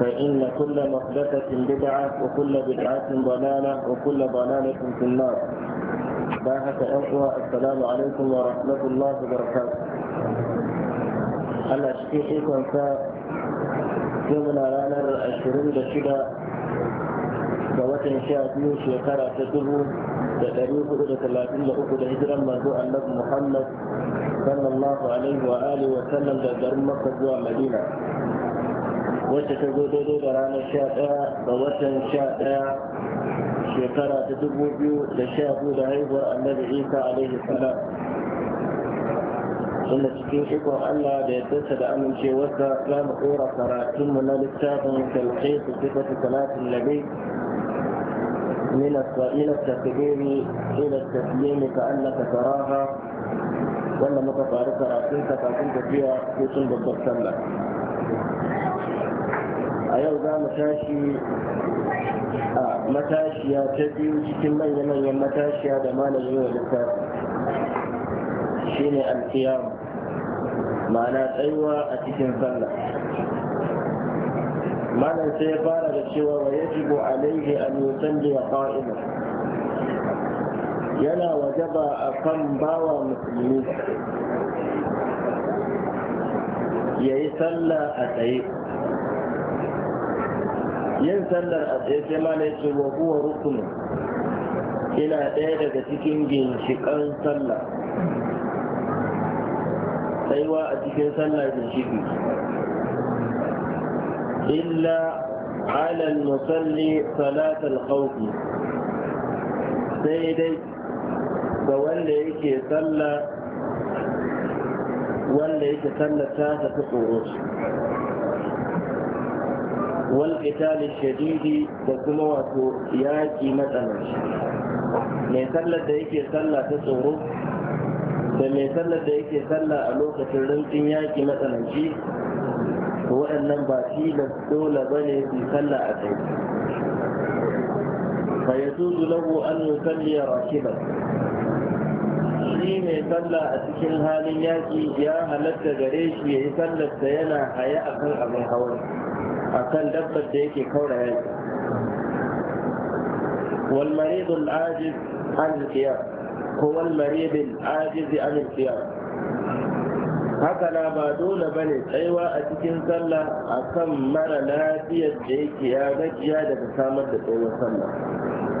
فإن كل محدثة بدعة وكل بدعة ضلالة وكل ضلالة في النار باهة أخوة السلام عليكم ورحمة الله وبركاته أنا أشكي فيكم فا يومنا لانا الأشرين بشدة بواتن شاء فيه شيكارا تدهو تدريه إلى ثلاثين لأخو الهجرة مرضوع النبي محمد صلى الله عليه وآله وسلم لدرمك بوا مدينة wacce ta zo daidai da ranar sha ɗaya da watan sha ɗaya shekara ta dubu biyu da sha biyu da haihuwar annabi isa alaihi salam inda cikin ikon allah da yardarsa da amincewarsa za mu ɗora karatunmu na littafin kalkai su sifatu talatin nabi من من التكبير إلى التسليم كأنك تراها ولا متفارقة عشان تكون تبيع في صلب الضبط a yau za mu tashi a matashiya ta biyu cikin manya-manyan matashiya da malamin yau littafi shi ne alkiyam ma'ana tsayuwa a cikin sallah malam sai ya fara da cewa wa ya a alaihi da ya fa'ina yana wajaba kan bawa musulmi yi sallah a tsaye yin sallar a sai ma ne ce wa rukunin yana ɗaya daga cikin ginshiƙan sallah tsaiwa a cikin sallah ginshiƙi illa alal musalli salatul khawfi sai dai ga wanda yake sallah wanda yake sallar ta ta tsoro والقتال الشديد وكما واتو ياكي مثلا mai sallar da yake sallah ta tsoro da mai sallar da yake sallah a lokacin rintsin yaƙi matsananci waɗannan ba tilas dole ba ne su sallah a tsaye fa ya tuzu lahu an yusalli rakiban ni mai sallah a cikin halin yaƙi ya halatta gare shi ya yi sallarsa yana haya a kan abin hawa a kan dabbar da yake kaura yaƙi wal maridul ajiz an siya ko wal maridul ajiz an siya haka na ba dole bane tsaiwa a cikin sallah akan mara lafiyar da yake ya gajiya daga samar da tsohon sallah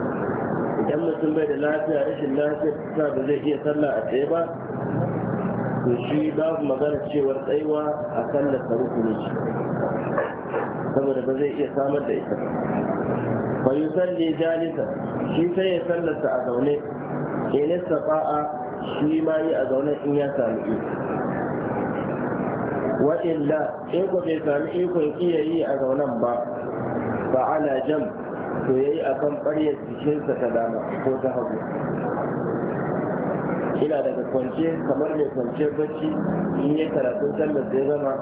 idan mutum bai da lafiya rashin lafiya ta ba zai iya sallah a tsaye ba to shi babu magana cewar tsayuwa a sallar ta rukuni shi saboda ba zai iya samar da ita fa yusalli jalisa shi sai ya sallarsa a zaune nesa istafa'a shi ma yi a zaune in ya sami iko wa'in la in bai sami ikon iya yi a zaunen ba ba ala jam' to ya yi a kan ɓaryar jikinsa ta dama ko ta hagu ina daga kwance kamar mai kwance bacci in ya karatun sallar da ya gama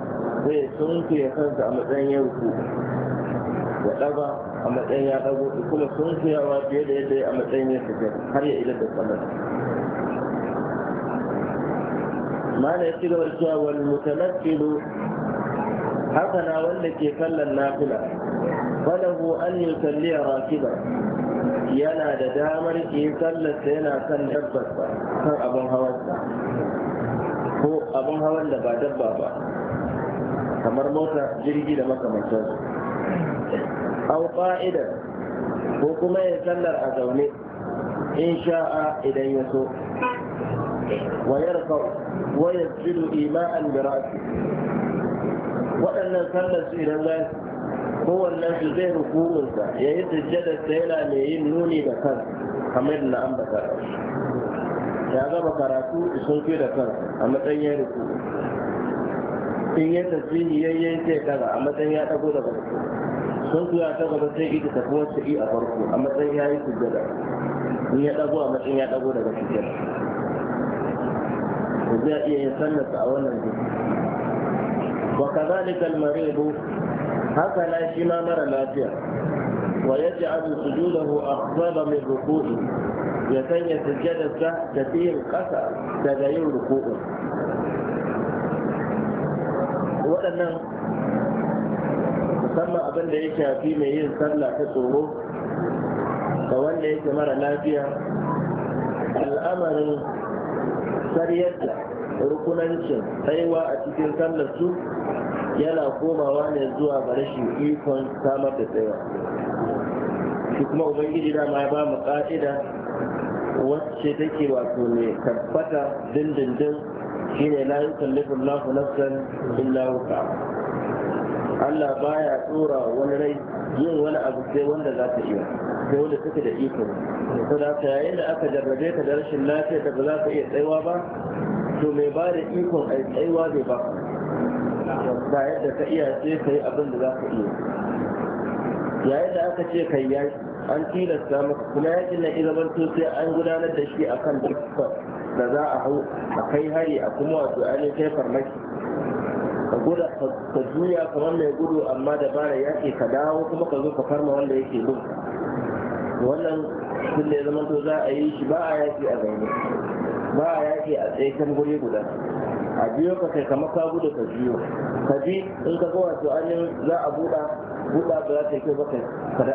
zai sunkuya kansa a matsayin ya ruku ya ɗaba a matsayin ya ɗago kuma sunkuyawa fiye da yadda ya a matsayin ya fitar har ya ilar da sallar mana ya ci gaba da cewa wal mutanaffilu haka na wanda ke kallon nafila وله أن يصلي راكبا yana da damar ke sallarsa yana kan dabbarsa kan abin hawansa ko abin hawan da ba dabba ba kamar mota jirgi da makamantarsu au ƙa'idar ko kuma ya sallar a zaune in sha'a idan ya so wa yarfa wa yasjudu ima'an bi ra'si waɗannan sallar su idan za su kowannen su zai rukununsa ya yi sujjadarsa yana mai yin nuni da kan kamar na ambata ya gama karatu sun fi da kan a matsayin ya ruku in ya tasiri yayyen sai kaga a matsayin ya dago daga sun fi ya ta gaba sai ita tafi wasu i a farko a matsayin ya yi sujjada in ya dago a matsayin ya dago daga sujjada zai iya yin sannarsa a wannan jiki وكذلك المريض حتى لا شما مرة لافيا ويجعل سجوده أفضل من ركوعه يتنيا سجادة كثير قسى تدعين ركوعه وأنا ثم أبن ليش في مهين صلى في الصروف فوان ليش مر لافيا الأمر سريتلا ركونا نشن أيوة أتيتين صلى yana komawa ne zuwa ga rashin ikon samar da tsaye shi kuma ubangiji dama ya ba mu ka'ida wacce take wato ne tabbata dindindin shine la yukallifu Allahu nafsan illa wusa Allah baya tsora wani rai yin wani abu sai wanda za ta iya sai wanda take da iko to da ta yayin da aka jarrabe ta da rashin lafiya da ba za ka iya tsayawa ba to mai ba da ikon ai tsayawa zai ba ba yadda ka iya sai ka yi abin da za ka iya yayin da aka ce kai ya an tilasta maka kuma yakin na izabar to sai an gudanar da shi akan dukkan da za a hau a kai hari a kuma wato ainihin kai farmaki ka guda ka juya kamar mai gudu amma da bara ke ka dawo kuma ka zo ka farma wanda yake bin wannan sun da ya zama to za a yi shi ba a yaki a zaune ba a yaki a tsaye guri guda a biyo ka kai kamar ka gudu ka biyo ka bi in ka ga wato ainihin za a buɗa buɗa ba za ta yi kyau ba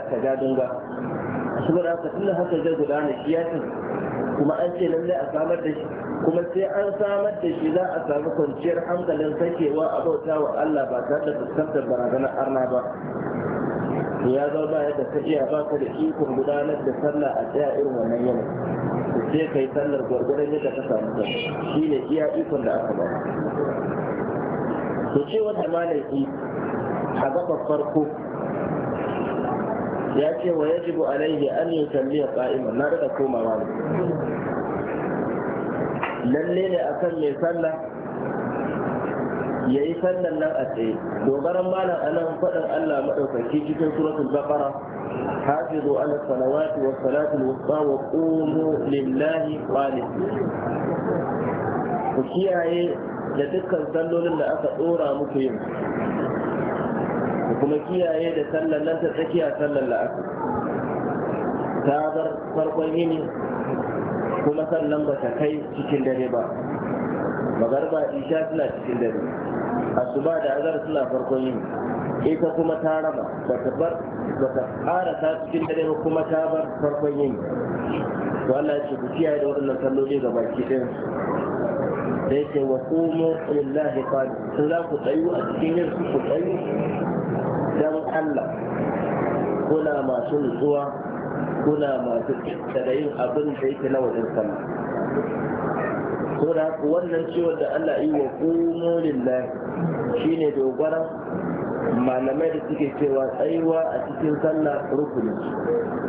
ka ja dunga saboda haka tunda haka zai gudana shi ya kuma an ce lallai a samar da shi kuma sai an samar da shi za a samu kwanciyar hankalin sakewa a bauta wa Allah ba tare da fuskantar barazanar arna ba ya zama yadda ka iya ba ka da ikon gudanar da sallah a tsaya irin wannan yanayi sai kai sallar gwargwaron yadda ka samu ta shi ne iya ikon da aka ba Ku ce wata malaki a gaba farko ya ce wa ya yajibu alaihi an yi tambiya qa'iman na daga komawa ne lalle ne akan mai sallah ya yi sallan nan a tsaye dogaran malam anan faɗin Allah maɗaukaki cikin suratul baqara hafizu ala salawati wa salatul wusta wa qumu lillahi qanitin ku kiyaye da dukkan sallolin da aka dora muku yin ku kuma kiyaye da sallan nan ta tsakiya sallan la'asar ta bar farkon yini kuma sallan ba ta kai cikin dare ba magarba isha suna cikin dare asuba da azar suna farkon yin ita kuma ta raba ba ta bar ba ta ta cikin dare ba kuma ta bar farkon yin to Allah ya ce ku kiyaye da waɗannan salloli ga baki ɗin da yake wa qumu lillahi qani sun za ku tsayu a cikin yin ku tsayu dan Allah kuna masu nutsuwa kuna masu da yin abin da yake na wajen sallah saboda haka wannan ciwon da Allah yi wa kumo lillahi shi ne dogaran malamai da suke cewa tsayuwa a cikin sallah rukuni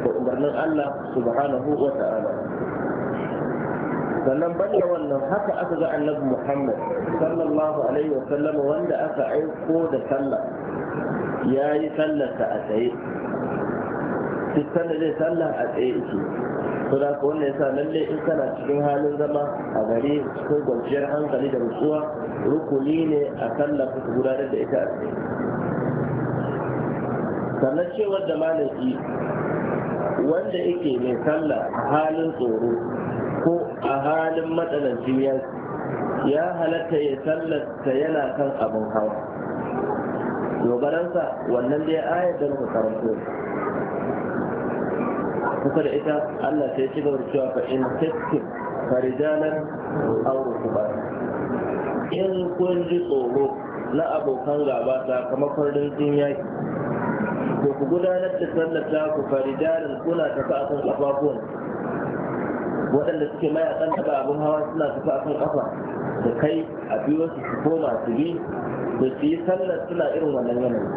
da umarnin Allah subhanahu wa ta'ala sannan ban banda wannan haka aka ga annabi Muhammad sallallahu alaihi wa sallam wanda aka aiko da sallah ya yi sallarsa a tsaye duk sanda zai sallah a tsaye yake to ko ka sa yasa lalle in kana cikin halin zama a gari ko gwajiyar hankali da nutsuwa rukuni ne a kalla ku gudanar da ita sannan cewar da malaki wanda yake mai sallah a halin tsoro ko a halin matsalar matsanancin ya halatta ya ta yana kan abin hawa dogaransa wannan dai ayar da kusa da ita Allah sai ci gaba da cewa fa in tattim farijalan ku ba in kun ji tsoro na abokan gaba sakamakon rintsin yaki to ku gudanar da sallar ta ku farijalan kuna tafi akan kafafuwan waɗanda suke mayakan taɓa abin hawa suna tafi akan kafa da kai a biyo su su koma su bi da su yi sallar suna irin wannan yanayi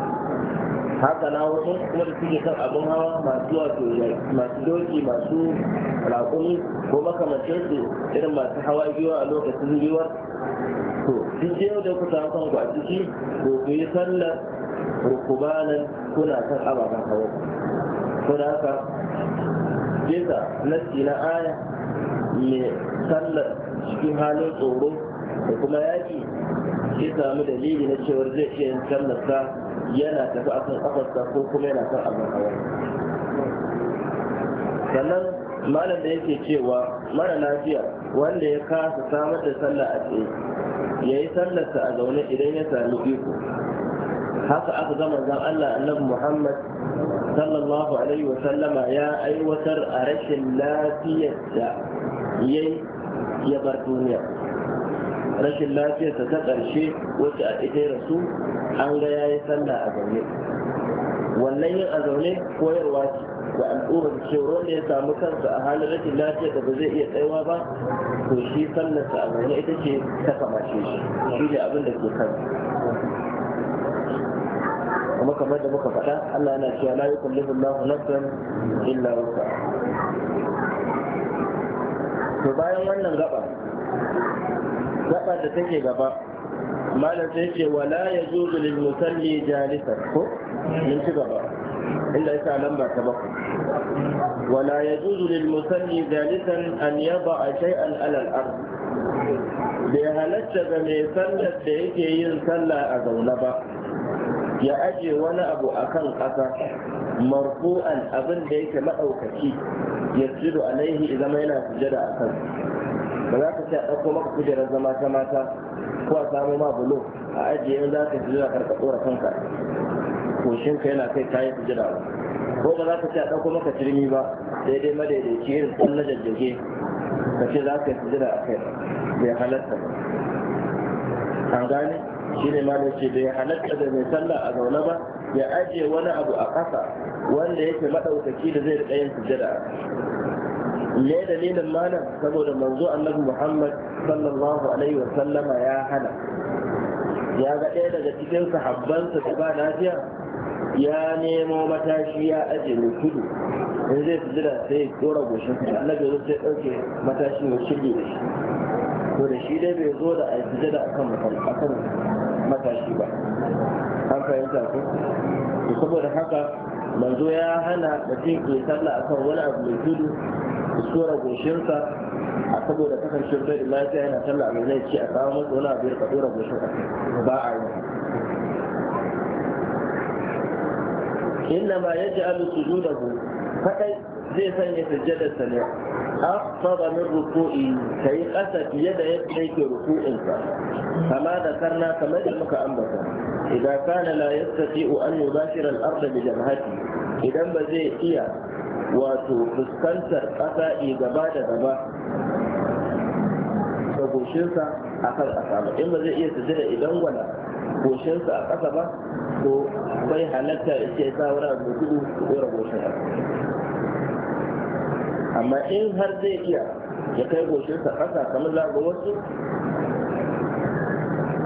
haka na wasu kuma da suke kan abin hawa masu wato masu doki masu raƙumi ko makamacin su irin masu hawa biyu a lokacin giwar to sun je da ku samu kanku a ciki ko ku yi sallar rukubanan kuna kan ababen hawa ko da haka jesa nasi na aya mai sallar cikin halin tsoro da kuma yaƙi ya samu dalili na cewar zai iya yin sallar sa yana tafi a kan kafarsa ko kuma yana kan abin hawa sannan malam da yake cewa mara lafiya wanda ya kasa samar da sallah a tsaye ya yi sallarsa a zaune idan ya sami iko haka aka zama zan Allah annabi Muhammad sallallahu alaihi wa ya aiwatar a rashin lafiyar da yai ya bar duniya rashin lafiyarsa ta ƙarshe wacce a ita ya rasu an ga ya yi sallah a zaune wannan yin a zaune koyarwa ce ga al'ummar cewa wanda ya samu kansa a halin rashin lafiya da ba zai iya tsayawa ba to shi sallarsa a zaune ita ce ta kamace shi shi ne abin da ke kan kuma kamar da muka faɗa Allah yana cewa la yukallifu Allahu nafsan illa wusa to bayan wannan gaba Gaba da take gaba malam sai ce wala ya zuzu lil musalli jalisan ko mun ci gaba inda yasa lamba ta bakwai wala ya zuzu lil musalli jalisan an yaba shay'an ala al-ard bai halatta ga mai sallar da yake yin sallah a zaune ba ya aje wani abu a kan ƙasa marfu'an abin da yake maɗaukaki ya tsiro alaihi zama yana sujada a kansa ba za ka ce a ɗauko maka kujerar zama ta mata ko a samu ma bulo a ajiye in za ka ka karka tsora kanka koshin ka yana kai kayan jira ba ko ba za ka ce a ɗauko maka turmi ba daidai madaidaici irin na jajjage ka ce za ka yi jira a kai bai halatta ba an gane shi ne malam ce bai halatta da mai sallah a zaune ba ya ajiye wani abu a ƙasa wanda yake maɗaukaki da zai riƙa yin sujada Ne dalilin malam saboda manzo annabi muhammad sallallahu alaihi wa sallama ya hana ya ga ɗaya daga cikin sahabbansa da ba lafiya ya nemo matashi ya aje mai kudu in zai fi jira sai ya tsora goshin sa annabi zai sai ɗauke matashi mai shirye da shi to da shi dai bai zo da a fi jira akan matashi ba an fahimta ko saboda haka manzo ya hana mutum ke sallah akan wani abu mai tudu da tsora goshinsa a saboda kasancewar bai da lafiya yana sallah mai zai ce a kawo masa wani abu ya ka tsora ba a yi إنما يجعل سجوده فكي زي سنة الجدة سنة أخطر من ركوعي كي أسد يد يدعيك ركوعك فما ذكرنا كما يمك أمك إذا كان لا يستطيع أن يباشر الأرض بجبهته إذا بزي إياه wato fuskantar ƙasa gaba da gaba da goshinsa a kan ƙasa ba in ba zai iya sujada idan wala goshinsa a ƙasa ba to bai halatta ya ce ta wani abu gudu ɗora goshin amma in har zai iya ya kai goshinsa ƙasa kamar za ga wasu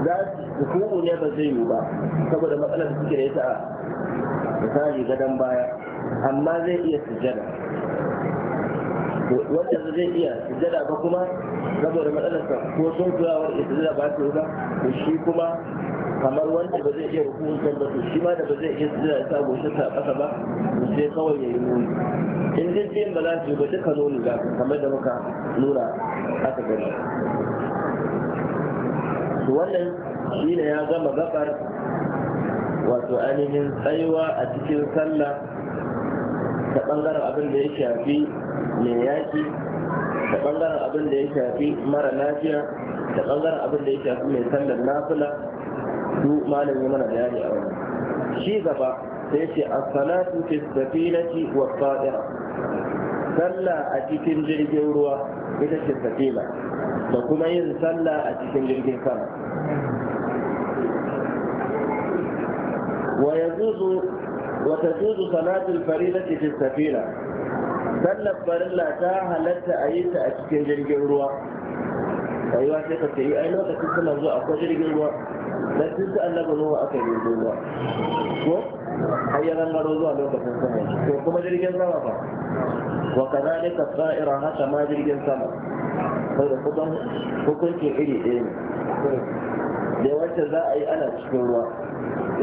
za su hukumu ne ba zai yiwu ba saboda matsalar da suke da ita a misali gadon baya amma zai iya sujada wanda zai iya sujada ba kuma saboda matsalarsa ko sun kulawar iya sujada ba su ba to shi kuma kamar wanda ba zai iya rukun kan ba to shi ma da ba zai iya sujada ya sa shi sa ƙasa ba to sai kawai ya yi nuni in dai ce ba za su ba duka nuni ba, kamar da muka nuna aka gani to wannan shi ne ya gama gabar wato ainihin tsayuwa a cikin sallah Da bangaren abin da ya shafi mai yaki da bangaren abin da ya shafi mara lafiya da bangaren abin da ya shafi mai sallar nafila su malam ya mana bayani a wani shi gaba sai ce as-salatu fi safinati wa sa'ira sallah a cikin jirgin ruwa ita ce safina da kuma yin sallah a cikin jirgin sama wa yazuzu وتجوز صلاة الفريضة في السفينة سنة فريضة تا حلت أيت أشكن جرجر روا أيوة شيخ الكريم أي لو تكنت نزوء أكو جرجر روا لتنسى أن نغنوه أكو جرجر روا أي أن نغنوه أكو جرجر روا وكما جرجر روا وكذلك الطائرة هكا هكما جرجر سما هذا طيب، خطر حكم في حلي da wancan za a yi ana cikin ruwa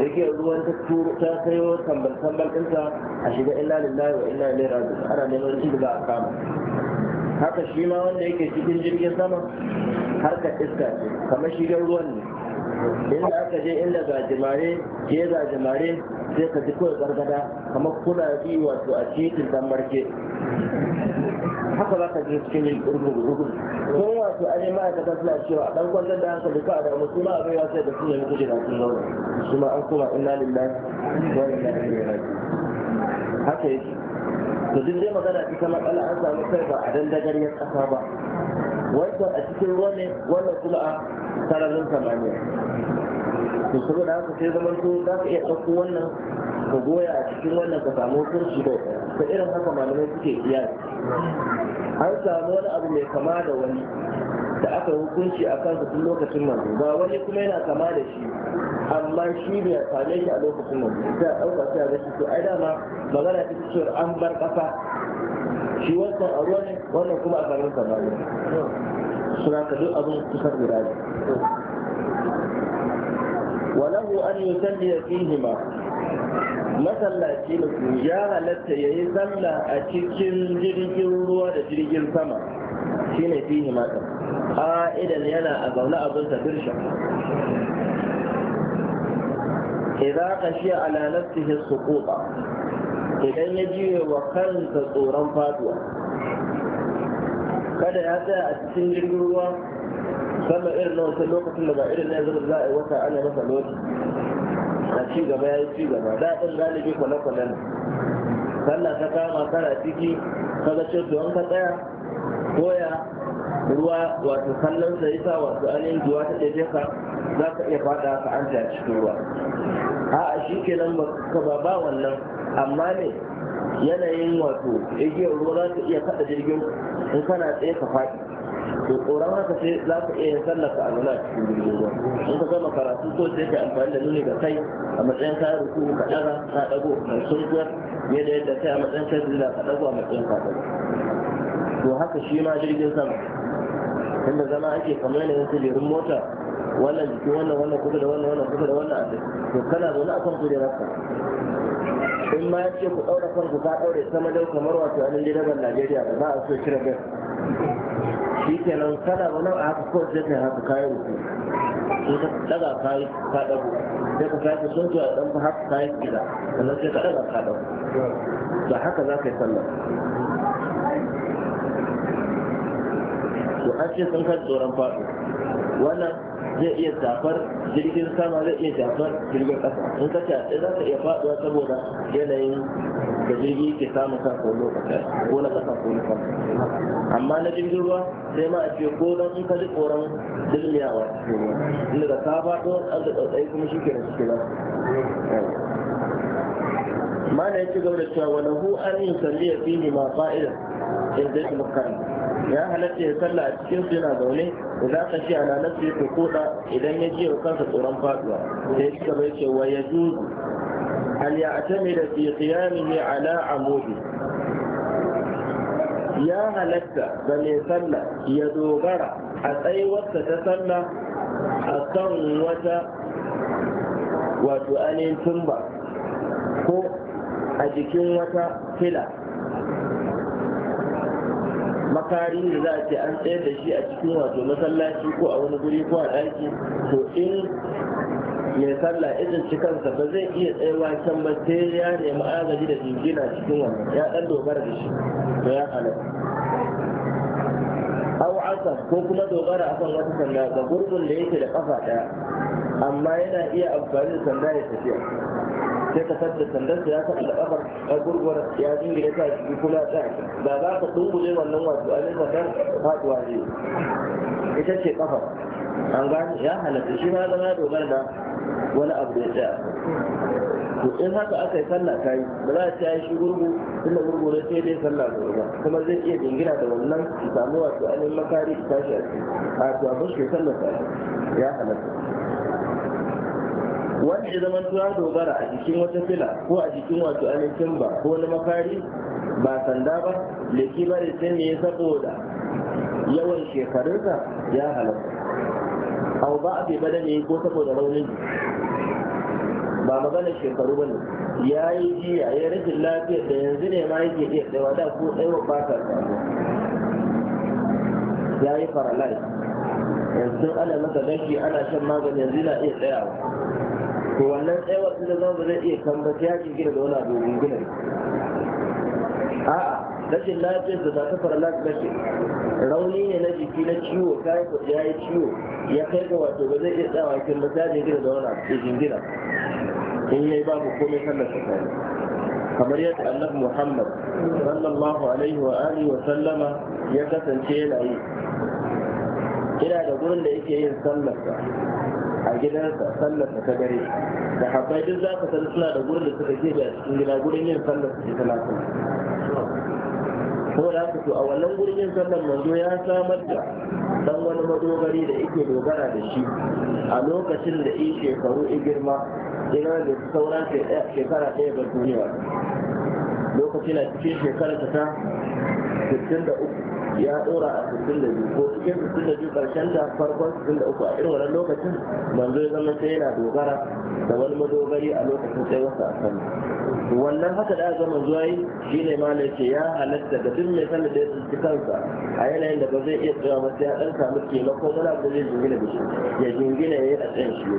yake ruwan ta turo ta sayo tambal tambal ɗinsa a shiga illa lillahi wa illa ilaihi raji'un ana neman shi da a kama haka shi ma wanda yake cikin jirgin sama harkar iska ce kamar shigar ruwan ne inda aka je inda ga jimare ke ga jimare sai ka ji kawai gargada kamar kuna bi wato a titin dan marke haka za ka je cikin yin ƙurgun ko wato an yi ma'aikata suna cewa dan kwantar da hankali ka da musu ma abin ya sai da sun yi kujera sun zauna su ma an kuma inna lillahi wa inna ilaihi raji'un haka yake to duk dai magana ita matsala an samu kai ba a ya ƙasa ba wanda a cikin wani wannan kuma a sararin samaniya to saboda haka sai zaman to za ka iya ɗauko wannan ka goya a cikin wannan ka samu kurci ba. ta irin haka malamai suke iya an samu wani abu mai kama da wani da aka hukunci a kansa tun lokacin manzo ba wani kuma yana kama da shi amma shi ne a same shi a lokacin manzo sai a ɗauka sai a ga shi to ai dama magana ta cewa an bar ƙasa shi wannan a ruwa ne wannan kuma a garin sa ba suna ka duk abin kusan guda ne وله أن يسلي فيهما masallaci na ya halatta ya yi sallah a cikin jirgin ruwa da jirgin sama shi ne fihi mata idan yana a zaune abin sa birsha idan ka shi ala nafsihi suquta idan ya jiye wa kansa tsoron faduwa kada ya tsaya a cikin jirgin ruwa sama irin na wasu lokacin da ba irin na yanzu za a yi wata ana masa lokacin a ci gaba ya yi ci gaba da daɗin galibi kwale-kwale ne sallah ta kama kana ciki ka ga cewa ka tsaya koya ruwa wato kallon da sa, wato anin juwa ta ɗaiɗe ka za ka iya faɗa ka an ta cikin ruwa a shi kenan ka ba ba wannan amma ne yanayin wato igiyar ruwa za ka iya kaɗa jirgin in kana tsaye ka faɗi to tsoron haka sai za ka iya yin sallar ka cikin jirgin ruwa in ka zama karatu ko sai ka amfani da nuni ga kai a matsayin ka ruku ka ɗaga ka dago mai sunkuwa ne da yadda kai a matsayin ka zila ka ɗago a matsayin ka to haka shi ma jirgin sama inda zama ake kamar yanayin kujerun mota wannan jiki wannan wannan kusa da wannan wannan kusa da wannan a to kana zaune a kan kujerar ka in ma ya ce ku ɗaura kanku ka ɗaure sama dau kamar wato anan dai Najeriya ba za a so cire bai shi kenan kana ba nan a haka ko zai haka kayan ku sai ka daga kayi ka dago sai ka sake sun a dan haka kayan gida sannan sai ka daga ka dago ba haka za ka yi sallah to an ce sun kai tsoron faɗo wannan zai iya shafar jirgin sama zai iya shafar jirgin ƙasa in ka shaɗe za ka iya faɗuwa saboda yanayin da jirgi ke samu kan ko lokaci ko na ƙasa ko na kasa amma na jirgin ruwa sai ma a ce ko don in ka ji tsoron dilmiyawa inda ka ka faɗo an da tsautsayi kuma shi ke da shi ba mana ya ci gaba da cewa wani hu an yi fi fihi ma fa'ida in zai mukarni ya halatta ya salla a cikin su yana zaune za ka shi ana nasu ko koda idan ya ji kansa tsoron faduwa sai shi bai yake wa ya juzu hal ya da fi ne ala amudi ya halatta da mai salla ya dogara a tsayuwarsa ta sallah a kan wata wato ainihin tumba ko a jikin wata fila makari da za a ce an tsayar da shi a cikin wato masallaci ko a wani guri ko a ɗaki to in mai sallah izin ci kansa ba zai iya tsayawa can ba sai ya nemi agaji da jingina cikin wannan ya dan dogara da shi to ya halatta aw asa ko kuma dogara kan wata sanda ga gurbin da yake da kafa ɗaya amma yana iya amfani da sanda ya tafiya sai ka sadda sandar ya taɓa da ƙafar ya gurgura ya jingire ta shi kula ta ba za ka dungule wannan wato alin masar faɗuwa ne ita ce ƙafar an gani ya halatta shi ma zama dogara da wani abu ya tsaya to in haka aka yi sallah ta yi ba za a ta yi shi gurgu tunda gurgu ne sai dai sallah gurgu ba kuma zai iya jingina da wannan su samu wato makari su tashi a ciki a to abin shi sallah ta ya halatta wanda ya zama tuwa dogara a jikin wata fila ko a jikin wato ainihin ba ko na makari ba sanda ba leki ba da sai ne saboda yawan shekarunsa ya halatta abu ba a bai bada ne ko saboda raunin ba maganar shekaru ba ne ya yi jiya ya rashin lafiyar da yanzu ne ma yake iya tsayawa da ko tsayawa ba ta ya yi paralyze yanzu ana masa gashi ana shan magani yanzu na iya tsayawa to wannan tsayawar da za mu zai iya kambaci ya gina da wani abu jingina a'a rashin lafiyar da ta fara lafiya rauni ne na jiki na ciwo kayi kuɗi ya yi ciwo ya kai ga wato ba zai iya tsawa kin ba sai gina da wani abu gina in yi babu komai kan da tsakani kamar yadda annabi Muhammad sallallahu alaihi wa alihi wa sallama ya kasance yana yi ina da gurin da yake yin sallarsa a gidansa sallar ta gare da habbai duk za ka san suna da gurin da suka je da cikin gida gurin yin sallar su ta lafi ko da haka to a wannan gurin yin sallar manzo ya samar da dan wani madogari da yake dogara da shi a lokacin da yi shekaru i girma ina da sauran eh, shekara ɗaya ga duniya lokaci na cikin shekara ta 63 ya dora a da ko cikin 62 karshen da farkon da uku a irin wannan lokacin manzo ya zama sai yana dogara da wani madogari a lokacin sai wasu a sallah wannan haka da aka manzo yayi shine ma ne ce ya halatta da duk mai sallah da ya tsinci kansa a yanayin da ba zai iya tsaya ba sai ya dan samu taimako ko abu da zai jingina da shi ya jingina ya yi a tsayin shi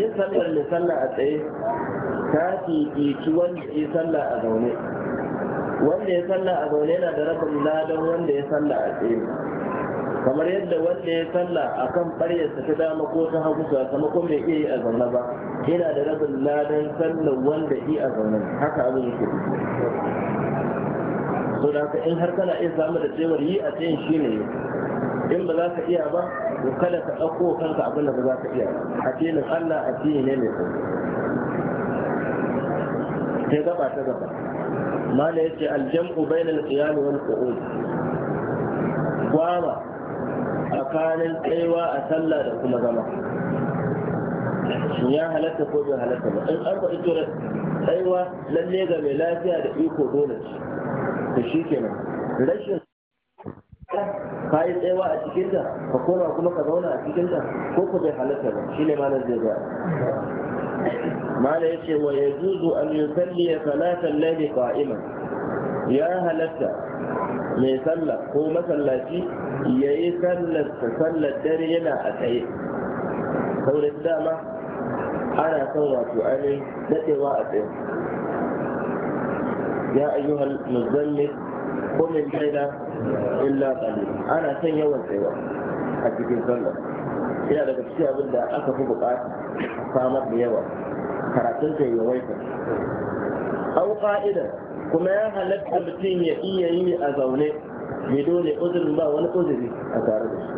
yin sallar mai sallah a tsaye ta fifici wanda ya sallah a zaune wanda ya sallah a zaune na da rabin ladan wanda ya sallah a tsaye kamar yadda wanda ya sallah a kan ɓaryarsa ta dama ko ta hagu sakamakon mai iya yi a zaune ba yana da rabin ladan sallar wanda yi a zaune haka abin yake so da haka in har kana iya samu da cewar yi a tsayin shi ne in ba za ka iya ba to kada ka ɗauko kanka abin da ba za ka iya a filin allah a ne mai ya gaba ta gaba mana yace aljam'u bainal qiyam wal qu'ud gwama kanin tsayuwa a sallah da kuma zama ya halatta ko bai halatta ba in an faɗi tura tsayuwa lalle ga mai lafiya da iko dole ce to shikenan rashin ka yi tsayawa a cikinta ka koma kuma ka zauna a cikinta ko ku bai halatta ba shi ne malam zai gaya mala yace wa yajuzu an yusalli salatan layli qa'iman ya halatta mai sallah ko masallaci ya yi sallarsa sallar dare yana a tsaye saboda dama ana son wato ainihin daɗewa a tsaye ya ayyuhal muzammil ko min laila illa qalil ana son yawan tsayawa a cikin sallah yana daga cikin abin da aka fi bukata samar da yawa karatun ta yi waita au ka'idar kuma ya halatta mutum ya iya yi a zaune mai dole uzurin ba wani uzuri a tare da shi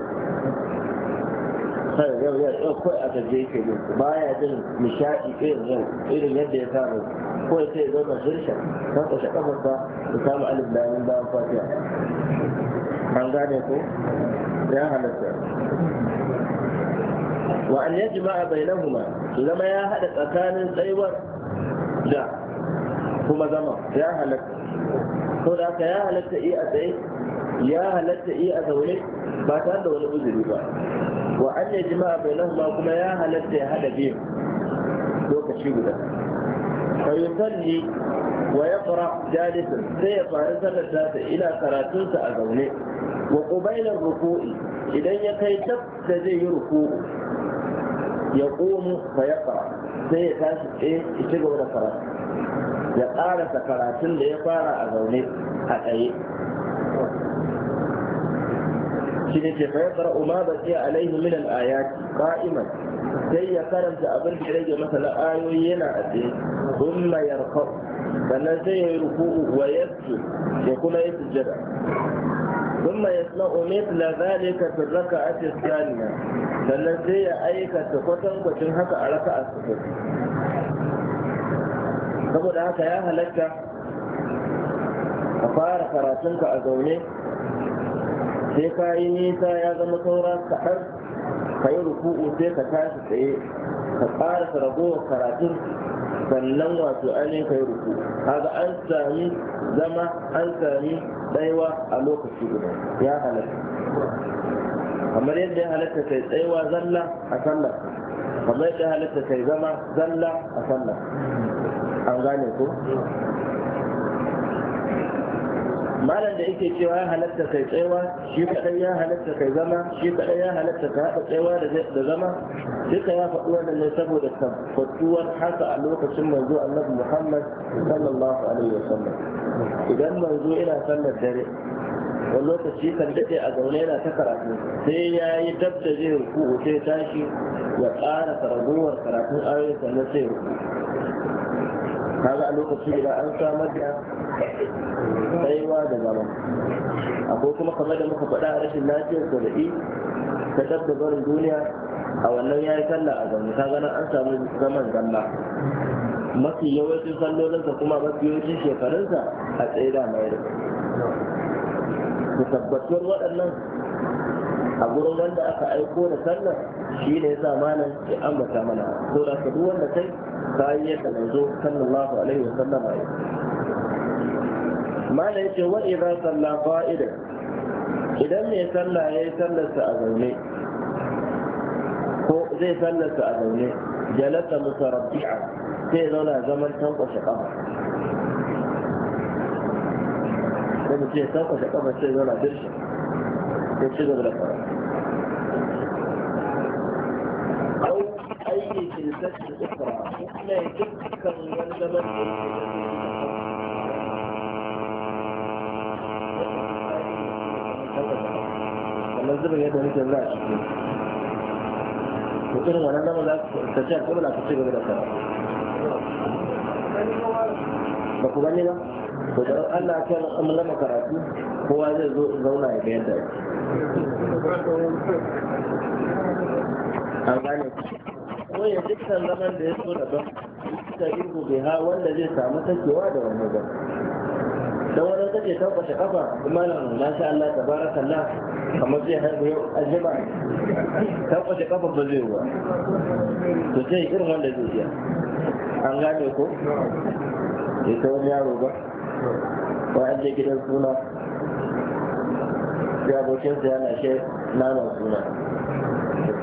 sai yau ya tsakwai oh, a gaje ke ne ba ya jin nishaɗi irin yau irin yadda ya samu ko ya sai zauna shirsha kan kwashe kafarsa da samu alif lamin bayan fatiha an gane ko ya halatta wa an yajma'a bainahuma zama ya haɗa tsakanin tsayuwar da kuma zama ya halatta ko da aka ya halatta iya a tsaye ya halatta iya a zaune ba tare da wani uzuri ba wa an yajma'a bainahuma kuma ya halatta ya haɗa biyu lokaci guda fa yusalli wa yaqra jalisan sai ya fara sallar ta ila karatunsa a zaune wa qubayla ruku'i idan ya kai tab da zai yi ruku'u ya ƙomu fa ya sai ya tashi ce ya ga wani da karatu ya ƙarasa karatun da ya fara a zaune a tsaye shi ne ce fa fara umar da tsaye alaihi min al'ayat qa'iman sai ya karanta abin da ya rage masa na ayoyi yana a tsaye thumma yarfa sannan sai ya yi ruku'u wa yasjud ya kuma yi sujjada ثم يسمع مثل ذلك في الركعة الثانية فالذي سيئة أي وتنهك على ركعة السفر ثم دعاك يا هلكة أقار فراتنك أزوني سيكا إنيسا يا ذا مطورا سحر فيركوء سيكا تاشي سيئة أقار فرقوه فراتنك sannan wato ainihin kai ruku haka an sami zama an sami tsaiwa a lokaci guda ya halatta kamar yadda ya halatta kai tsaiwa zalla a sallah kamar yadda ya halatta kai zama zalla a sallah an gane ko malam da yake cewa ya halatta kai tsayawa shi kadai ya halatta kai zama shi kadai ya halatta ka haɗa tsayawa da zama duka ya faɗi wannan ne saboda tabbatuwar haka a lokacin manzo annabi muhammad sallallahu alaihi wasallam idan manzo ina sallar dare wani lokaci kan daɗe a zaune yana ta karatu sai ya yi dab da zai ruku sai tashi ya ƙara ragowar karatun ayoyin sannan sai ruku kaga a lokaci da an samar da tsayuwa da zama akwai kuma kamar da muka faɗa a rashin lafiyar zazzaɓi ta dabda barin duniya a wannan ya yi sallah a zama kaga nan an samu zaman zalla mafi yawancin sallolinsa kuma mafi yawancin shekarunsa a tsaye da mai da tabbatuwar waɗannan a gurin wanda aka aiko da sallar shi ne ya sa malam ya ambata mana ko da ka duk wanda kai bayan da manzo sallallahu alaihi wa sallam ya mala yace wa idza salla qa'idan idan mai sallah yayi sallarsa a zaune ko zai sallarsa a zaune jalasa musarabbi'a sai zauna zaman tankwashe kafa sai mutum ya tankwashe kafa sai zauna dirshin sai ci gaba da fara aiki ce ta tsirka ne dukkan wanda ba su kamar zubin yadda nake za a shi ko irin wannan nama za ku ta ce ko la ku ce ga daga ba ku gani ba ko da Allah kan amma karatu kowa zai zo zauna ya ga yadda a gane ku ko ya dukkan zaman da ya so da ba ta iko bai ha wanda zai samu takewa da wani ba dan wani take tabbata kafa kuma na masha Allah tabarakallah kamar zai haihu yau aljima tabbata kafa ba zai ruwa to sai irin wanda zai iya an gane ko ta wani yaro ba ba an je gidan suna ya abokinsa yana shi naman suna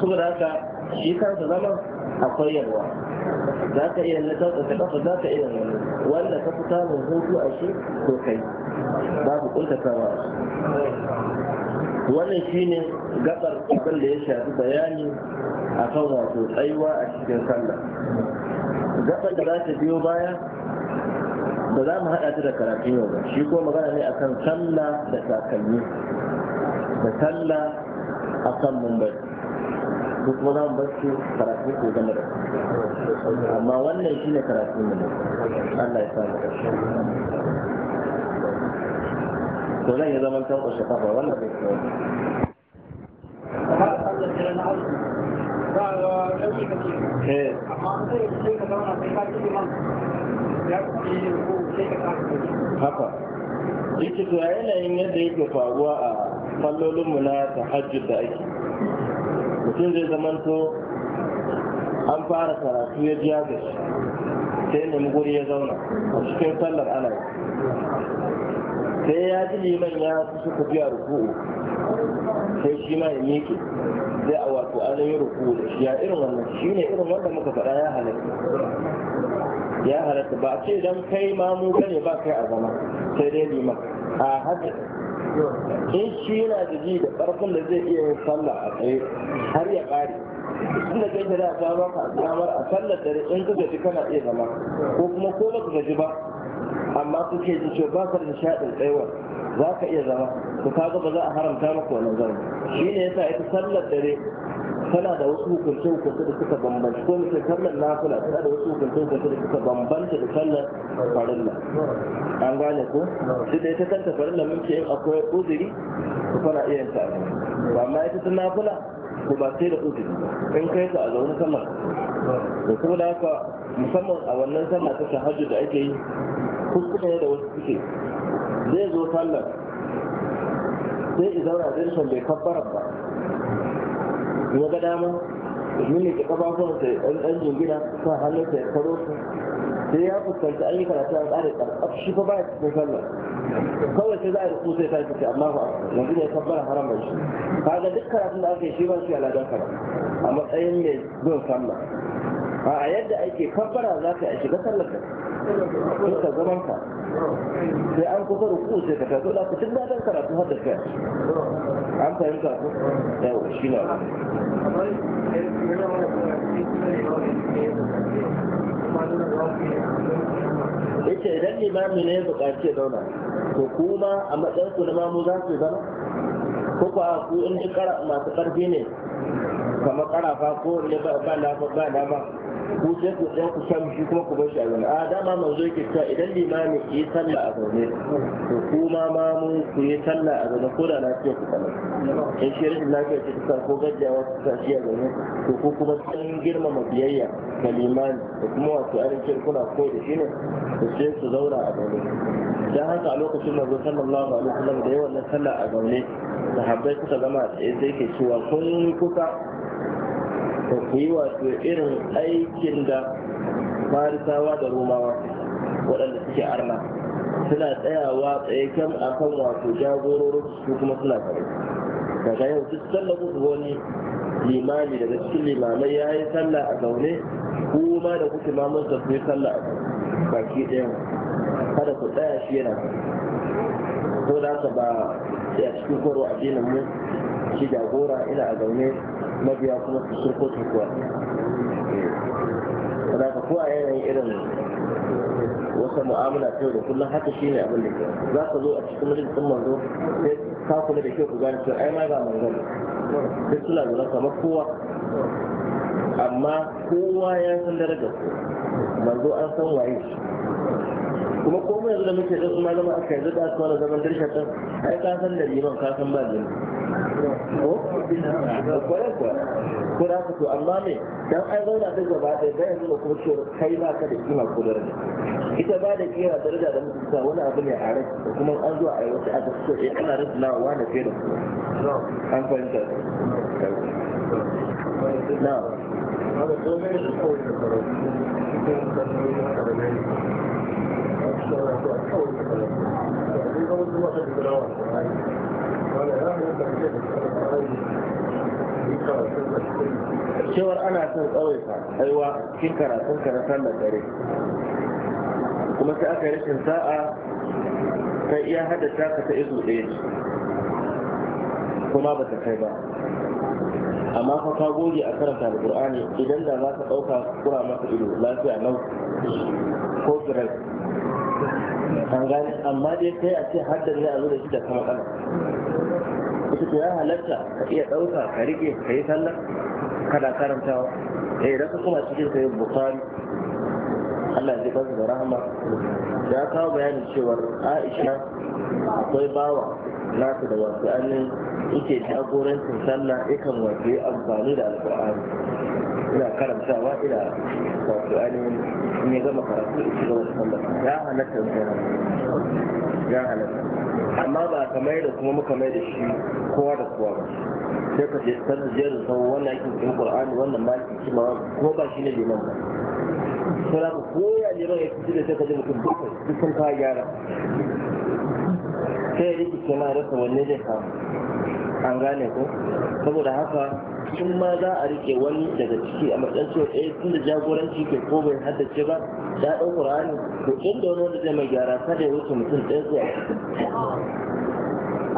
saboda haka shi kansa zama akwai yarwa, za ka iya na tsaka kafa za ka iya wani wanda ka fita mai hutu a shi ko kai babu kuntatawa wannan shine gabar abin da ya shafi bayani akan wato tsayuwa a cikin sallah gabar da za ta biyo baya ba za mu haɗa ta da karatu yau ba shi ko magana ne akan sallah da takalmi da sallah akan mumbai mu kuma za mu bar su karatu ko gama da amma wannan shine karatu mu ne Allah ya samu to nan ya zama kan ƙoshe kafa wannan bai ka Eh. haka yake to yanayin yadda yake faruwa a fallolinmu na tahajjud da ake mutum zai zamanto an fara karatu ya ji ya gashi sai nemi guri ya zauna a cikin sallar ana sai ya ji liman ya kusa tafiya ruku'u sai shi ma ya miƙe zai a wato yi ruku'u da shi ya irin wannan shi ne irin wanda muka faɗa ya halatta ya halatta ba a ce don kai mamu ne ba kai a zama sai dai liman a haka in shi yana da ji da ƙarfin da zai iya yin sallah a tsaye har ya ƙare sun da kai da ta ba damar a sallar dare in ka gaji kana iya zama ko kuma ko ba ka gaji ba amma ke ji ce ba ka da nishaɗin tsayuwar za ka iya zama ku kaga ba za a haramta maka wannan zama shi ne yasa ita sallar dare tana da wasu hukunce hukunce da suka bambanta ko mace sallar nafila tana da wasu hukunce hukunce da suka bambanta da sallar farilla an gane ko duk da ita kanta farilla mun ce in akwai uzuri ko kana iya yin ta ba amma ita ta nafila ko ba sai da uzuri in kai ta a zaune sama. da da haka musamman a wannan sama ta tahajjud da ake yi kuskure da wasu suke zai zo sallar sai idan rajin bai kabbarar ba Kuma ga dama mini ke kafafuwansa ya ɗan jingina sa hannunsa ya karo su sai ya fuskanci an yi karatu an tsare ƙarƙar shi fa ba ya cikin sallah kawai sai za a rufu sai tashi ce amma ba yanzu ne kabbara haram ba shi kaga duk karatun da aka yi shi ba shi aladan karam a matsayin mai bin sallah a yadda ake kabbara za ka yi a shiga sallar fuskar zaman ka sai an kusa ruku sai ka kaso da ku tun daɗin karatu har da kai an fahimta ku yau shi ne. yace idan limami ne ya buƙaci ya zauna to kuma a matsayin ku na mamu za su zama ko a ku in ji masu ƙarfi ne kamar ƙarafa ko ne ba ba ba ba ku sai ku tsaya ku samu shi kuma ku bar shi a zaune a dama manzo yake cewa idan limami ki yi sallah a zaune to kuma ma mu ku yi sallah a zaune ko da lafiya ku kana in shi rashin lafiya ce kusa ko gajiyawa ku sa shi a zaune to ko kuma sun girmama biyayya ga limami da kuma wato ainihin kuna koyi da shi ne ku sai su zauna a zaune dan haka a lokacin manzo sallallahu alaihi wasallam da yawan na sallah a zaune sahabbai suka zama a tsaye sai ke cewa kun kusa ku yi wato irin aikin da farisawa da romawa waɗanda suke arna suna tsayawa tsaye kan akan wato jagororin su kuma suna tsaye daga yau duk sallar ku wani limami daga cikin limamai ya yi sallah a zaune kuma da kuke mamun sa yi sallah a baki ɗaya kada ku tsaya shi yana ko da ka ba a cikin koro addinin mu shi jagora ina a zaune mabiya kuma su shirko su kuwa kada ka kuwa yanayin irin wata mu'amala ta da kullum haka shi ne abin da ke za ka zo a cikin rikin manzo sai ka kula da kyau ku gane cewa ai ma ga manzo sai suna zaune kamar kowa amma kowa ya san darajar manzo an san waye kuma ko mu yanzu da muke da ma zama aka yanzu da su wani zaman dirshatan ai ka san da liman ka san ba liman ko kwarai kuwa ko da to amma me dan an zauna duk gaba ɗaya dan yanzu ko kuma kai ba ka da kima ko daraja ita ba da kira daraja da mutunta wani abu ne a rai kuma an zo a yi wata aka ko eh ana rasulawa wani fiye da an fahimta na Thank you. cewar ana son tsawaita aiwa cikin karatun karatun da dare kuma sai aka rashin sa'a ta iya haddasa ka ta izo ɗaya kuma ba ta kai ba amma fa ka goge a karanta da qur'ani idan da za ka ɗauka kura masa ido lafiya nau ko kirai an gani amma dai kai a ce haddar ne a zo da shi da kama kana mutu ya halatta ka iya ɗauka ka rike ka yi sallah kana karantawa eh idan ka kuma cikin sayin bukari Allah zai da rahama ya kawo bayani cewar Aisha akwai bawa nasu da wasu annin yake jagorancin sallah yakan waje amfani da alƙur'ani ina karantawa ina wato ainihin in ya gama karatu in shiga wasu sallar ya halatta in sai ya halatta amma ba kamar da kuma muka mai da shi kowa da kowa ba sai ka je sallar jerin sau wannan yakin cikin qur'ani wannan malikin kima ko ba shi ne liman ba sai ka ya liman ya cikin da sai ka je mutum bakwai duk sun kawo gyara sai ya rikice na rasa wanne zai samu an gane ko saboda haka in ma za a rike wani daga ciki a matsayin cewa eh tun da jagoranci ke ko bai haddace ba da ɗan ƙur'ani to da wani wanda zai mai gyara kada ya wuce mutum ɗaya zuwa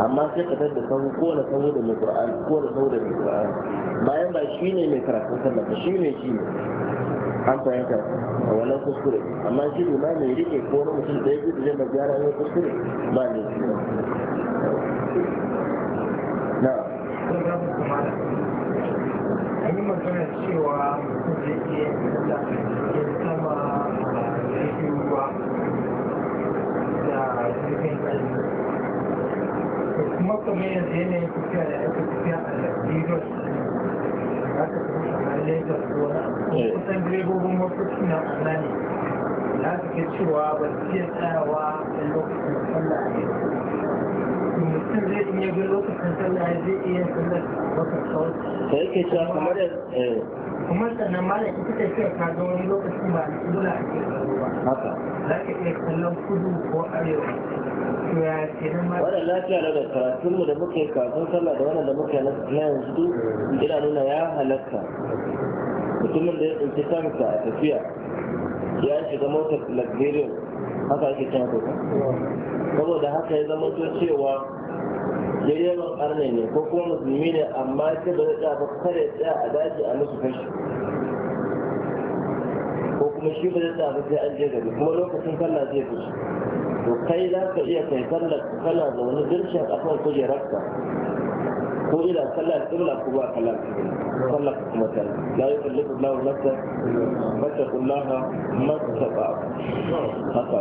amma sai ka da sahu ko na sahu da mai ƙur'ani ko na sahu da mai ƙur'ani bayan ba shi ne mai karatun sallah ba shi ne shi ne an fahimta a wannan kuskure amma shi ne ma mai rike ko wani mutum ɗaya zuwa zai mai gyara ne kuskure ba ne na yi magana cewa da ke da sama a ke ruwa da jirgin ƙarfi da kuma kamar yanzu yanayin tafiya da aka tafiya a lagos da aka tafi a lagos wani eh. kusan direbobin mafarki na ana ne za ga cewa ba su iya tsayawa a lokacin sallah mutum zai iya bin lokacin sallah zai iya sallar wata kawai. Sai yake cewa kamar eh, kuma sannan malam ita ta ce ka ga wani lokacin ba da dole a ke karo ba. Haka. Za ka iya kallon kudu ko arewa. Wannan lafiya na da karatun mu da muke kafin sallah da wannan da muke na yanzu ina nuna ya halatta mutumin da ya tsinci kansa a tafiya ya shiga motar luxurious haka ake cewa saboda haka ya zama to cewa jirgin arne ne ko kuma musulmi ne amma ta ba zai ba kare tsaya a daji a musu fashi ko kuma shi ba zai ba sai an je gari kuma lokacin sallah zai fushi to kai za ka iya kai sallar kana zaune dirshin a kan kujerarka ko ila sallar kibla ko ba kalar sallar kuma ta la yukallifu Allahu nafsa fattaqullaha mastafa haka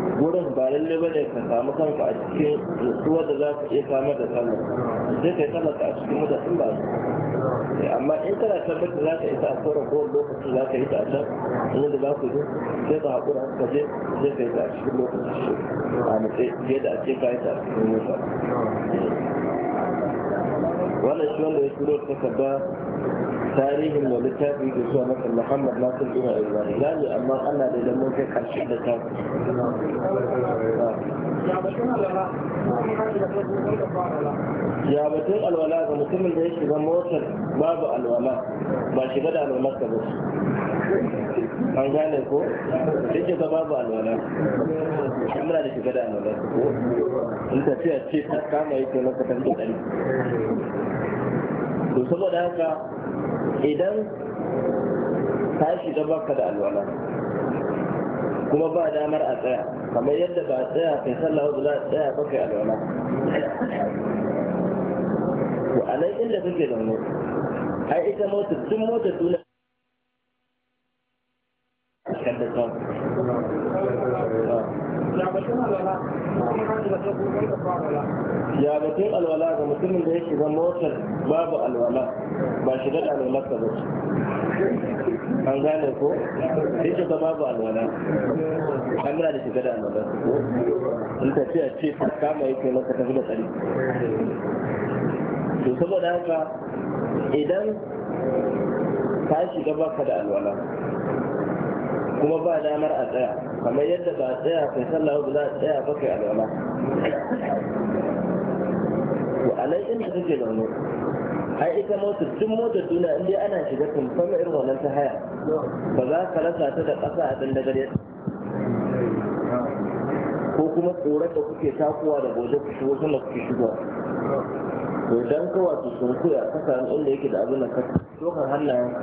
wurin ba lalle ba ne ka samu kanka a cikin nutsuwar da za ka iya samar da sallar sai kai sallar ka a cikin mutattun ba su amma in kana tabbata za ka isa a koren kowane lokaci za ka yi ta a can inda da za ku je sai ka haƙura ka je sai ka yi ta a cikin lokacin shi a nutse fiye da a ce ka yi ta a cikin mutane wannan shi wanda ya turo takarda tarihin da littafi ke zuwa maka muhammad nasir ina ibrahim ne amma allah da idan mun kai karshe da ta ya batun alwala ga mutumin da ya shiga motar babu alwala ba shiga da alwalar ka ba an gane ko duk shiga babu alwala an muna da shiga da alwala ko in tafiya ce ta kama yake na katan da ɗari to saboda haka idan ka shiga baka da alwala kuma ba damar a tsaya kamar yadda ba a tsaya kai sallah wadda za a tsaya ba kai alwala to a nan inda kake zaune ai ita mota duk motar duniya يا بطيق الولاء يا بطيق الولاء ومثل ذلك موتر باب الولاء ما شغل عن الولاء كبير من قال لكو ليش باب الولاء كم رأي شغل عن الولاء انت فيها شيء كما يكون لك تفيد تريد ذلك إذن تعيش جبا كده الولاء kuma ba damar a tsaya kamar yadda ba a tsaya kai sallah ba za a tsaya ba kai alwala to a nan inda take zaune ai ita motar tun motar duniya in dai ana shiga tun fama irin wannan ta haya ba za ka rasa ta da ƙasa a dandagare ko kuma tsoron da kuke takuwa da gobe ku shigo suna kuke shigowa to dan ka wato sun kuya ka san inda yake da abin da ka dokar hannayen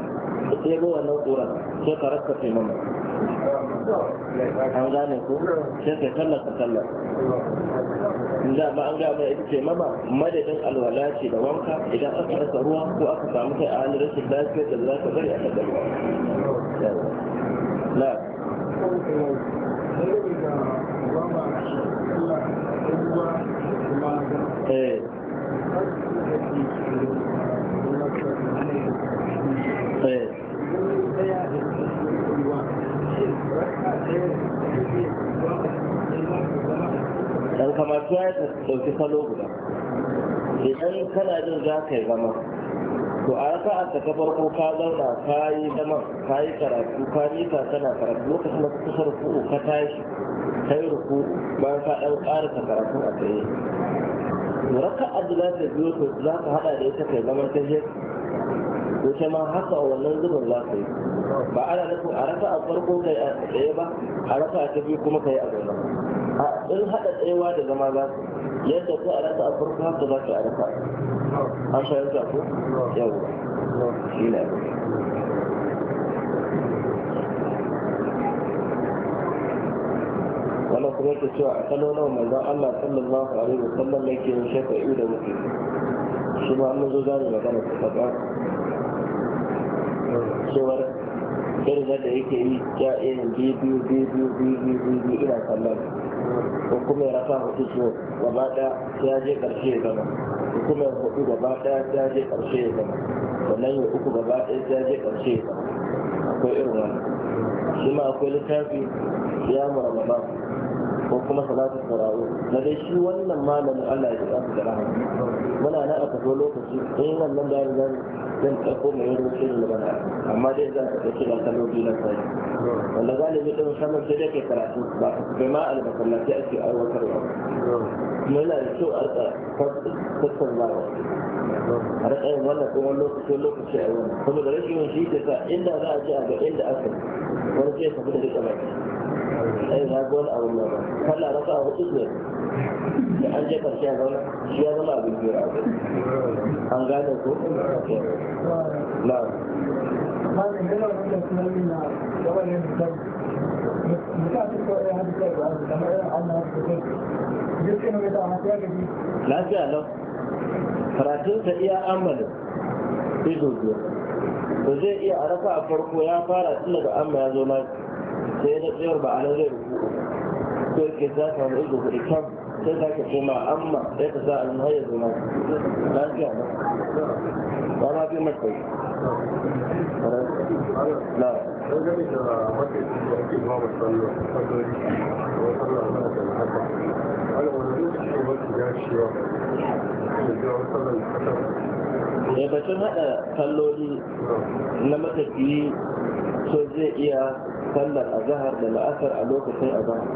ka ɗebo wannan tsoron sai ka rasa taimama an gane ko sai ka sallar ka sallar in za an gane mai ita ce mama madadin alwala ce da wanka idan aka rasa ruwa ko aka samu kai a halin rashin lafiya da za ka bari a ka bari na eh makamatu ya ɗauki salo guda idan kana jin za ka yi zama to a yaka a ta farko ka zauna ka yi zama ka yi karatu ka nika kana karatu lokacin da kusa ruku'u ka tashi ka yi ruku bayan ka ɗan ƙarasa karatu a tsaye raka abu za ta biyo to za ka haɗa da ita kai zaman ta ko ce ma haka a wannan zubin za ka yi ba ana nufin a raka a farko kai a tsaye ba a raka a ta biyu kuma ka yi a zauna in haɗa tsayawa da zama za su yadda ku a rasa a farko haka za a rasa an fahimta ko yau shi ne wannan kuma yake cewa a kano nawa manzon Allah sallallahu alaihi wa sallam yake yin shafa'i da wuce shi ma mun zo zamu magana ta saba cewar irin da yake yi ya irin biyu biyu biyu biyu biyu biyu ina kallon kuma ya raka hudu so gaba ɗaya ya je ƙarshe ya gama kuma ya hudu gaba ɗaya ya je ƙarshe ya gama sannan ya uku gaba ɗaya ya je ƙarshe ya gama akwai irin wani shi ma akwai littafi ya mu ramadan ko kuma salatu tarawo na dai shi wannan malamin Allah ya tsaka da rahama muna nan aka zo lokaci in wannan da zan zan tsako mai yaro shi da bana amma dai zan tsaka shi da kalmomi na sai wanda galibi din sanar sai dai ke karatu ba bai ma albasallaci ake aiwatarwa kuma yana da kyau a tattaunawa a rika yin wannan tsohon lokaci lokaci a yau da rashin yin shi ta sa inda za a ji a ga inda aka wani sai ya tafi da duka baki Sai na ga wani abu nan sallah raka a hudu ne da an je karshe a zauna shi ya zama abin biyar an gane ko na malam yana wannan sunan yin ko ya jirgin ta lafiya iya amalin Izo biyu. to zai iya a raka a farko ya fara tun daga amma ya zo lafiya sai na tsayar ba a nan zai ruku ko yake za ta wani ido kuɗi kan sai za ka ce ma amma sai ka sa a nan hayar zama lafiya ba ba ma fi mata yi na ne batun haɗa kalloli na matafiyi so zai iya يتكلم أظهر لما أثر أن يوقف شيء أظهر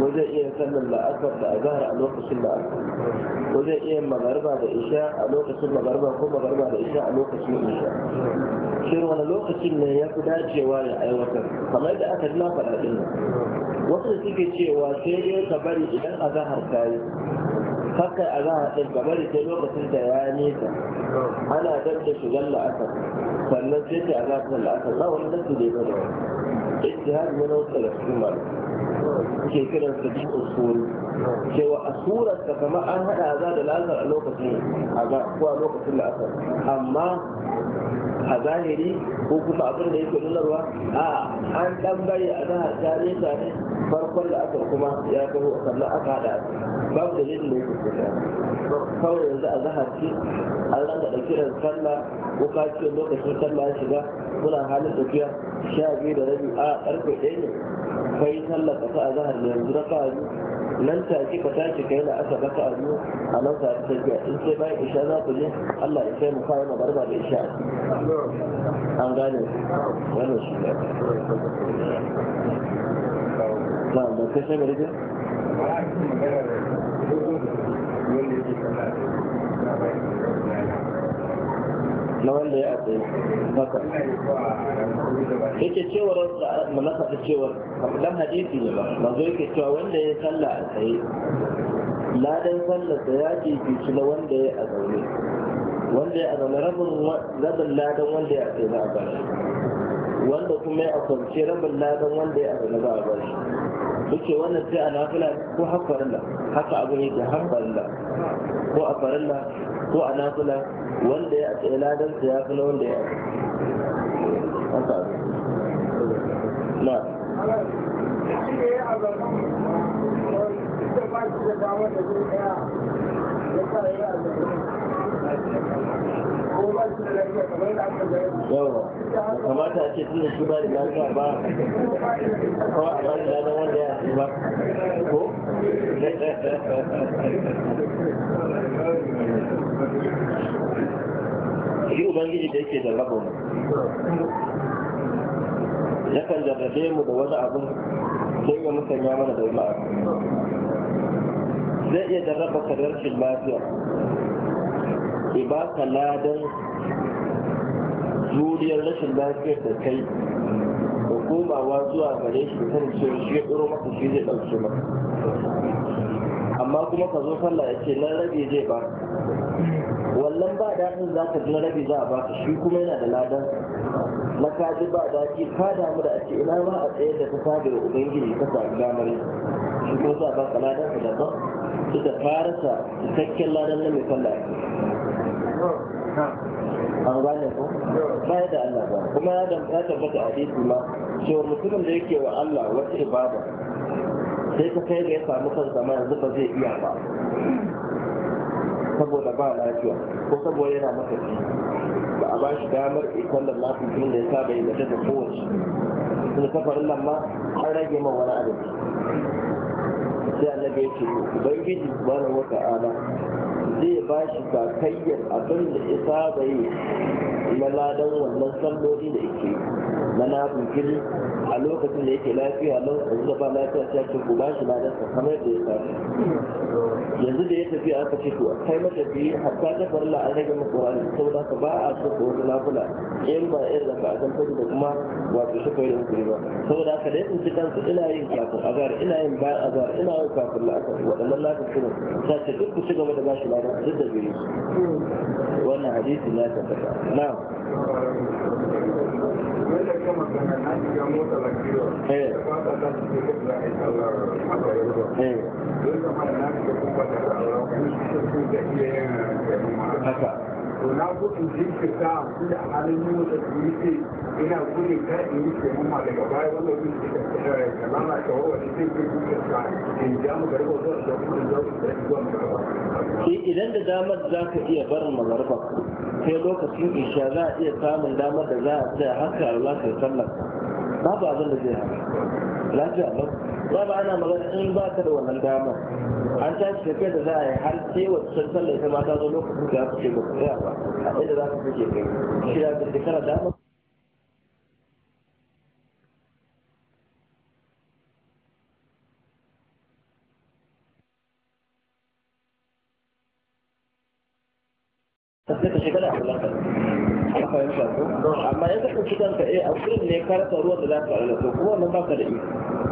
وجاء إيه يتكلم لا أثر لا أظهر أن يوقف شيء لا أثر وجاء إيه مغربة على إشاء أن يوقف شيء مغربة وكو مغربة على إشاء أن يوقف شيء إشاء شير وانا لو قلت إن هي كدا أي وكر فما إذا أثر لا فلا إلا وصل تلك الجوا سيري تبالي إذا أظهر كاي فكا أظهر إن تبالي تلو قلت إنت أنا أدرك شغل لأثر فالنسيتي أظهر لأثر لا ولا نسيتي بدأ ijtihadi ne na wasu daga cikin ke kiran sa bi usul cewa a surarsa kamar an haɗa za da lazar a lokacin a ko a lokacin la'asar amma a zahiri ko kuma abin da yake nunarwa a an dan bari a zahar tare tare farkon da aka kuma ya taho sannan aka hada babu da yin lokacin kusa kawai yanzu a zahar ce an ranga da kiran sallah ko ka lokacin sallah ya shiga kuna halin tafiya sha biyu da rabi a karfe ɗaya ne kai sallah ka sa a zahar yanzu na kawai لن تأتي كتاتك إلى أسبك أبيو أنا سأتسجع إنسى باي إشادة تجي الله إنسى مقايمة ضربة بإشادة أم غالي غالي شكرا نعم بس كشي مريد نعم na wanda ya ake maka yake cewar da na faɗi cewar kamar hadisi ne ba zo yake cewa wanda ya salla a tsaye ladan da ya ke bici na wanda ya a zaune wanda ya a zaune rabin ladan wanda ya a tsaye za a wanda kuma ya a kwance rabin ladan wanda ya a zaune za a bashi yake wannan sai a nafila ko har farilla haka abin yake har farilla ko a farilla ko a nafila wanda ya ake ladansa ya fi na wanda ya haka kamata shi ubangiji da yake jarraba mu yakan jarrabe mu da wani abu sai ga musanya mana da wani abu zai iya jarraba ka da rashin lafiya ki ba ka ladan juriyar rashin lafiyar da kai da komawa zuwa gare shi kan cewa shi ya tsoro maka shi zai ɗauke maka amma kuma ka zo sallah ya ce na rage zai ba Wallan ba daɗin za ka ji rabi za a baka shi kuma yana da ladan na kaji ba daɗi ka damu da ake ina ma a tsaye da ta sabi da ubangiji ka sami damar shi ko za a baka ladan ka daban su da farasa cikakken ladan na mai ake an gane ko baya da Allah ba kuma ya ta tabbata a hadisi ma cewa mutumin da yake wa Allah wata ibada sai ka kai ga ya samu kansa ma yanzu ba zai iya ba saboda ba lafiya ko saboda yana matafi ba a ba shi damar ikallar tun da ya saba yi da kowace sun safarin nan ma an rage man wani adadi sai annabi ya ce ubangiji subhanahu wata ala. zai ba shi kayyar abin da ya saba yi na ladan wannan salloli da yake yi na nafin fili a lokacin da yake lafiya lau a zuba ba lafiya ta ce ku ba shi na dasa kamar da ya samu yanzu da ya tafi aka ce to kai mata matafiyi hatta ta farla an rage maka wani saboda ka ba a so ka wata lafula in ba irin da ka a san da kuma wato shi kai da hukuri ba saboda ka da ya tsinci kansu ina yin kafin azar ina yin bayan azar ina yin kafin la'asar waɗannan lafin suna ta ce duk ku ci gaba da ba shi lada duk da biyu wannan hadisi na tabbata na Eh. Eh. haka to na so in jinkirta da halin yi wata ce ina gure ta in yi kemama daga baya wanda zai ce da lana ta wawa da zai ke jinkirta in ja mu garba zuwa da kuma za su da zuwa garba. idan da damar za ka iya barin magarba sai lokacin isha za a iya samun damar da za a tsaya haka a ka sallar babu abin da zai haka lafiya ba za ba ana magana in ba ka da wannan dama an ta da kai da za a yi har sai wacce sallah ita ma ta zo lokacin da za ka ce ba ku tsaya ba a inda za ka fice kai shi da ka shekara dama wancan amma ya zaka ci kanka eh a kurin ne ka rasa ruwan da za ka alala kuma wannan baka da iko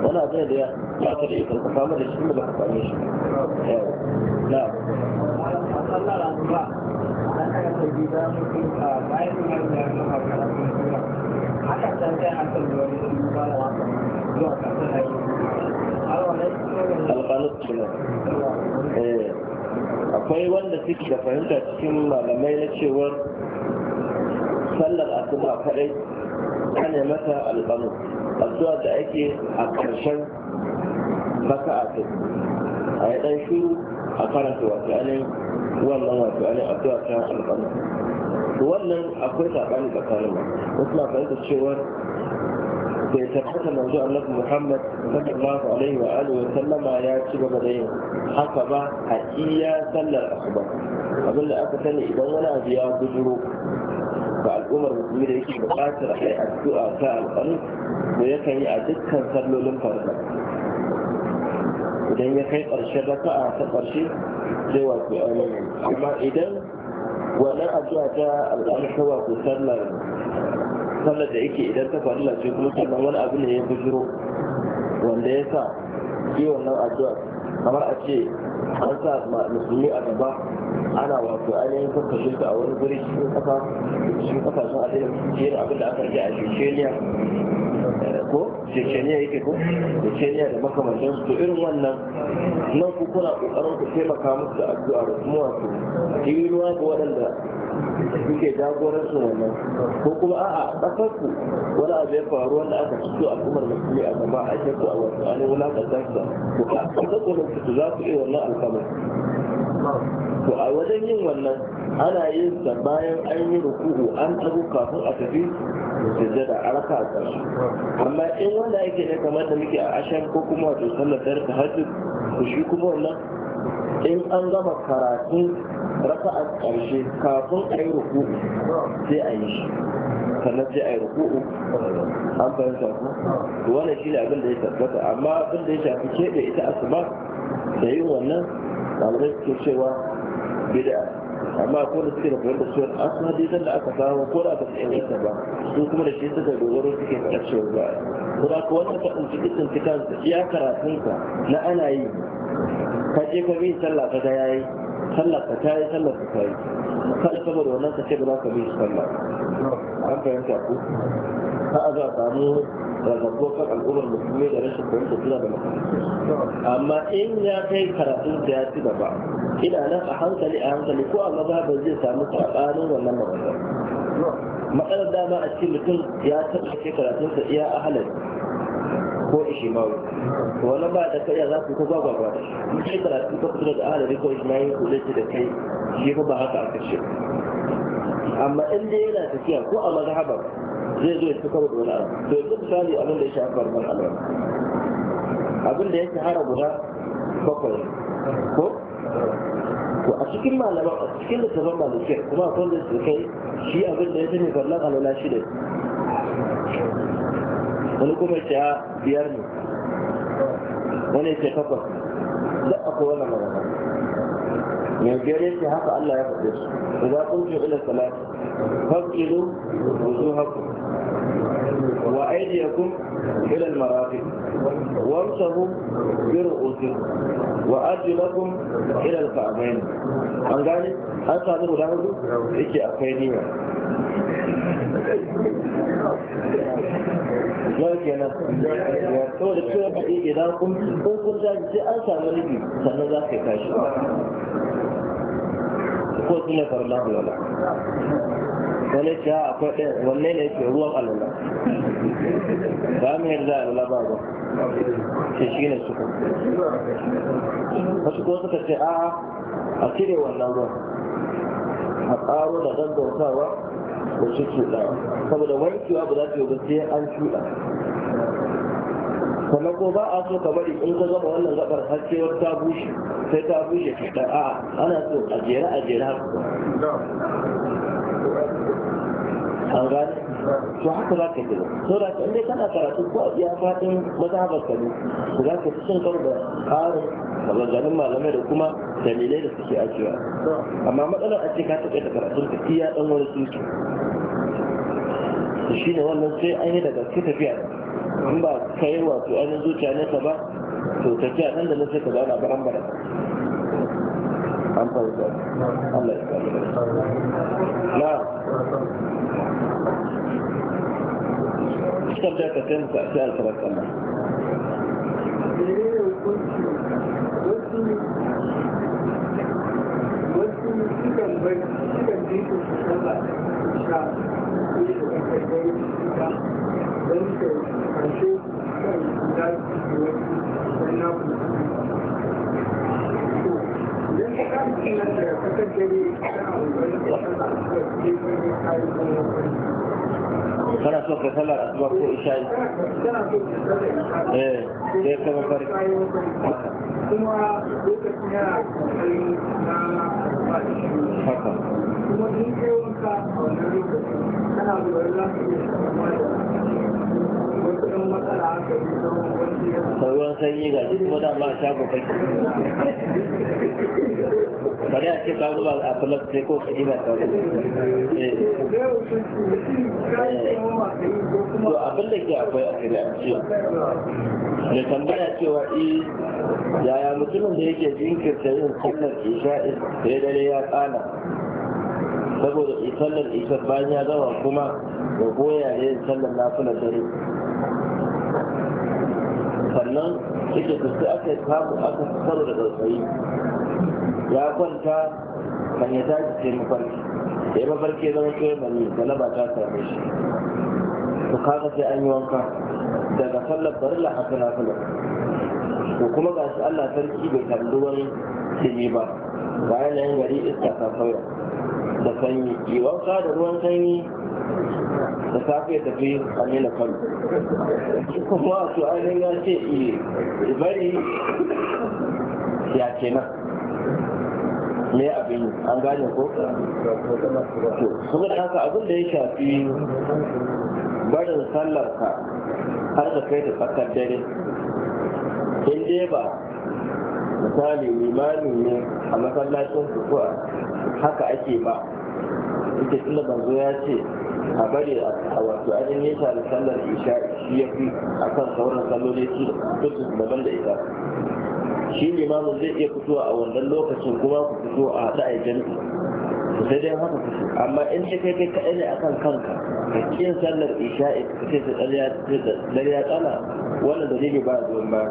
wani abu da ya baka da iko ka fama da shi kuma baka same shi na hankali wani ba wasa zuwa akwai wanda suke da fahimta cikin malamai na cewar sallar asuba kadai ana mata alƙanu addu'a da ake a ƙarshen raka a kai a yi ɗan shiru a karanta wato ainihin wannan wato ainihin addu'a ta alƙanu wannan akwai saɓani tsakanin wasu na fahimta cewa bai tabbata manzo annabi Muhammad sallallahu alaihi wa alihi wa sallama ya ci gaba da yin haka ba a iya sallar asuba abin da aka sani idan wani abu ya guduro ga al'ummar musulmi da yake buƙatar a yi addu'a ta alƙalu to yakan yi a dukkan sallolin farko idan ya kai ƙarshen raka'a ta ƙarshe zai wato ainihin amma idan wannan addu'a ta alƙalu ta wato sallar sallar da yake idan ta faru ce kuma sannan wani abu ne ya bujiro wanda ya sa yi wannan addu'a kamar a ce an sa musulmi a gaba ana wato ainihin karkashin su a wani guri cikin kafa cikin kafashen adinin fiye da abin da aka rage a shekeniya eh, ko shekeniya yake ko shekeniya da makamashin su irin wannan nan ku kuna kokarin ku taimaka musu da addu'a da kuma wato yi ga waɗanda kuke jagoran su wannan ko kuma a'a kasar ku wani abu ya faru wanda aka fito al'ummar musulmi a gaba a shakku a wasu ainihin wulaƙantar su ku ka kasar ku za ku iya wannan alkamar to a wajen yin wannan ana yin sa bayan an yi ruku'u an tsago kafin a tafi sujjada a raka a ƙarshe amma in wanda ake ne kamar da muke a ashan ko kuma wato sallar dare ta hajji to shi kuma wannan in an gama karatun raka a ƙarshe kafin a yi ruku'u sai a yi shi sannan sai a yi ruku'u an fahimta ku to wannan shi ne abin da ya tabbata amma abin da ya shafi keɓe ita asuba da yin wannan malamai suke cewa bid'a amma ko da suke da koyar da su asu hadisan da aka samu ko da aka inganta ba su kuma da shi suka dogaro suke faɗa cewa ba ko da ka wannan faɗin cikin tsinci kansa iya karatunka na ana yi ka je ka bi sallah ka ga yayi sallah ka tayi sallah ka tayi kada saboda wannan ka ce ba za ka bi sallah an fahimta ku ka a za a samu rarrabuwar kan al'ummar musulmi da rashin fahimta suna da makarantu amma in ya kai karatun da ya ci gaba ina nan a hankali a hankali ko a mazhabar zai samu sabanin wannan mazhabar matsalar dama a cikin mutum ya taɓa karatun karatunsa iya a halari ko ishimawi to wannan ba da kai za ku ko ba ba da shi karatu ko kuma da ahalari ko ishimawi ko lace da kai shi ba haka a ce amma in dai yana tafiya ko a mazhabar zai zo ya fi karo da wani abu to yanzu misali abin da ya shafi barban alwala abin da ya shahara guda bakwai ko to a cikin malaman a cikin littafin malikiyar kuma a kwallon su kai shi abin da ya sani kwallon alwala shi ne wani kuma ce a ah, biyar ne wani ce takwas da akwai wannan malaman mai biyar ya ce haka Allah ya faɗe su idan kun ji ila salat fakilu wuzu hakum وأيديكم إلى المرافق وامسهوا برؤوسكم وأرجلكم إلى الكعبين an gane an sami guda hudu yake akwai yau kenan cewa faɗi idan kun kun sai an samu rufi sannan za ka yi tashi ko tun faru lafi wani ce ah, akwai ɗaya wanne ne yake ruwan alula ba mu yarda alula ba ba ce shi ne suka wasu kuma suka ce a ah, a cire wannan ruwan a ƙaro da gaggautawa da su cuɗa saboda wankewa ba za ta yi ba sai an cuɗa sannan ko ba a so ka bari in ka gama wannan gabar har sai wata ta bushe sai ta bushe kaɗan a ana so a jere a jere haka an gane to haka za ka gina saboda ka inda kana karatu ko a iya faɗin mazhabar ka ne ku za ka fi cin karo da ƙarin maganganun malamai da kuma dalilai da suke ajiyewa amma matsalar a ce ka taɓa da karatun ka iya ɗan wani tuki shi ne wannan sai an yi daga ke tafiya in ba ka yi wato ainihin zuciya nesa ba to tafiya nan da nan sai ka zauna baran bara an fahimta Allah ya kare na suka da ka kai muka sai alfarar kama wasu sukan bai sukan je su saba kana so ka sallar asuba ko isha'i eh sai ka ba fari kuma lokacin yana na haka kuma in kai wanka a kana zuwa za ka iya ruwan sanyi ga duk wadda dama a shago kake bari a ce ba zuba a kulak sai ko ka ɗiba ka wani eh. to abin da ke akwai a kira a da tambaya cewa i eh, yaya mutumin da yake jinkirta yin sallar da ya dare ya kana saboda isallar isar bayan ya gama kuma ya goya da yin sallar na dare sannan ita ka sai aka kamu aka karo da tsautsayi ya kwanta kan ya tashi sai mafarki da ya mafarki ya zama kai da galaba ta same shi to kaga sai an yi wanka daga sallar barilla haka na kula to kuma ga shi Allah sarki bai kalli wani dumi ba ga yan gari iska ta fara da sanyi yi wanka da ruwan sanyi da safe da tafi a nuna kano kuma su ainihin ya ce eh, bari ya ce nan me abin an gane ko saboda haka abin da ya shafi barin sallarka har da kai da tsakar dare in dai ba misali limani ne a masallacin ko haka ake ba yake tunda banzo ya ce a bari a wato ainihin yin tare sallar isha shi ya fi a kan sauran salloli su da daban da ita shi ne limamin zai iya fitowa a wannan lokacin kuma ku fito a haɗa a jami'i sai dai haka kusa amma in ta kai kai kaɗai ne a kan kanka ka ƙin sallar isha'i ka ce ta ɗari ya tsala wannan dalili ba zuwan ba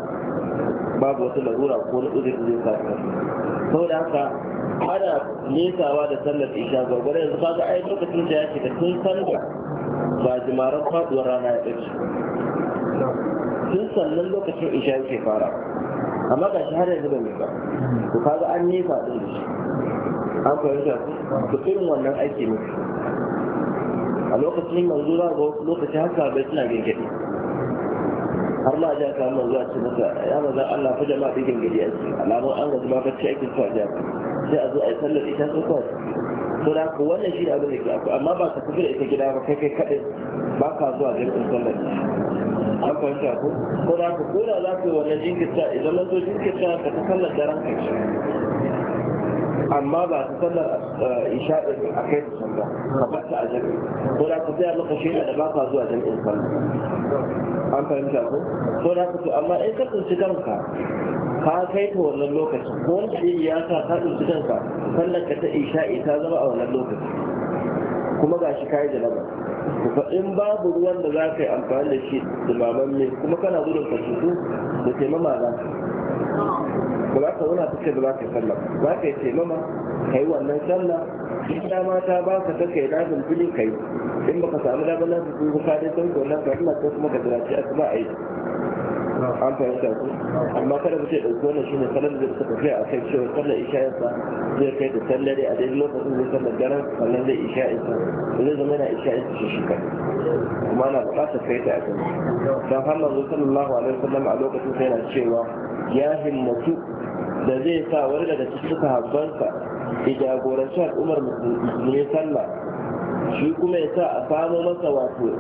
babu wata larura ko na uzuri zai sa ka saboda haka ana lekawa da sallar isha gwagwara yanzu kaga ai lokacin da yake da tun sanda ba jimaran faduwar rana ya ɗauki tun sannan lokacin isha yake fara amma ga shi har yanzu ba mai ba ku kaga an nefa ɗin da shi an fahimta ku to irin wannan aiki ne a lokacin manzo za ga wasu lokaci haka bai suna gengedi har ma ja ka manzo a ce masa ya maza Allah fa jama'a ɗin gengedi a ciki alamun an gaji ma ce aikin su jiya. sai a zo a yi sallar ita sai kawai to da haka wannan shi abin da ke akwai amma ba ka tafi da ita gida ba kai kai kaɗai ba ka zuwa jirgin sallar an fahimta ko ko da haka ko da za ku yi wannan jinkirta idan na zo jinkirta ka ta sallar daren kai amma ba ta sallar eh, isha a kai ta sanda ka ba fata a jirgin ko da ku sai a maka shaida da ba ka zuwa jirgin sallar an fahimta ku? ko da ku to amma in ka tsinci kanka ka kai ta wannan lokacin ko wanda dai ya sa ka ɗauki kanka sannan ka ta isha ta zama a wannan lokacin kuma ga shi kayi da labar fa in babu ruwan da za ka yi amfani da shi da dumaman ne kuma kana gudun ka cutu da taimama za ka ba za ka wuna ta ce ba za ka yi sallah za ka yi taimama ka yi wannan sallah duk da mata ba ka ta kai dafin fili ka yi in baka samu damar nan su ka dai sauke wannan ka kuma ka kuma ka jira ce a kuma a yi an fahimta ku amma kada mutum ɗauki wannan shi ne salon da suka tafiya a kai cewa sallar isha'insa zai kai da sallare a daidai lokacin zai sallar daren sannan zai isha'insa zai zama yana isha'insa shi shi kai kuma ana buƙatar kai ta a kan don har manzo sallallahu alaihi wasallam a lokacin sai yana cewa ya himmatu da zai sa wani daga cikin sahabbansa ya jagoranci al'ummar musulmi sallah shi kuma ya sa a samo masa wato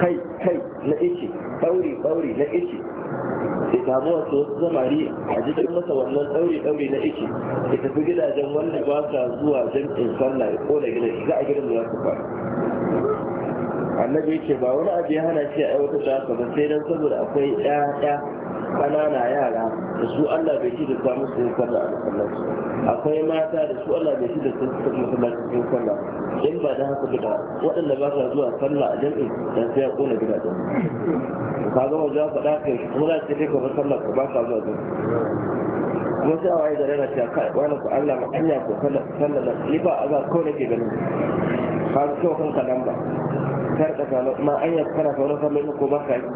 kai kai na ishi ɓauri ɓauri na ishe. sai samu wasu wasu zamari a jikin masa wannan ɗauri-ɗauri na iki ya tafi gidajen wanda ba sa zuwa jam'in sallah ya kona gidan za a gidan da su fara annabi ce ba wani abu ya hana shi a aiwatar da haka ba sai dan saboda akwai ɗaya ƙanana yara da su Allah bai ci da ta musu yin kwallo a masallaci akwai mata da su Allah bai ci da ta musu masallaci yin sallah in ba da haka gida waɗanda ba sa zuwa kwallo a jam'i da sai ya ƙona gidajen ka ga ka faɗa kai kuma za ka ce ka sallar sallah ka ba ka zuwa zuwa. kuma sai a waye da rana ta kai wani ku Allah ma anya ko kwallo da ni ba a ga ko nake ganin ka ga kawai kan nan ba kar ka ma anya kana sauran sallah ko ba ka yi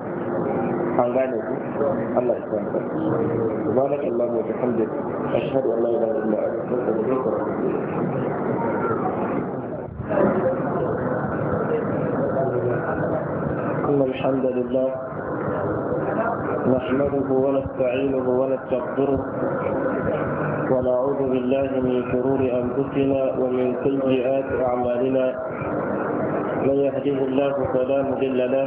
an gane ku الله يسلمك سبحانك اللهم وبحمدك أشهد أن لا إله إلا أنت إن الحمد لله نحمده ونستعينه ونستغفره ونعوذ بالله من شرور أنفسنا ومن سيئات أعمالنا من يهده الله فلا مضل له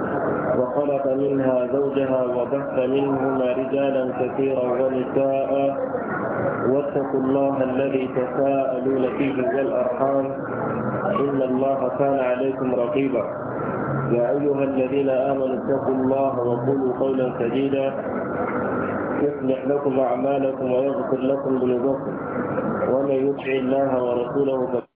وخلق منها زوجها وبث منهما رجالا كثيرا ونساء واتقوا الله الذي تساءلون فيه والارحام ان الله كان عليكم رقيبا يا ايها الذين امنوا اتقوا الله وقولوا قولا سديدا يصلح لكم اعمالكم ويغفر لكم ذنوبكم ومن يطع الله ورسوله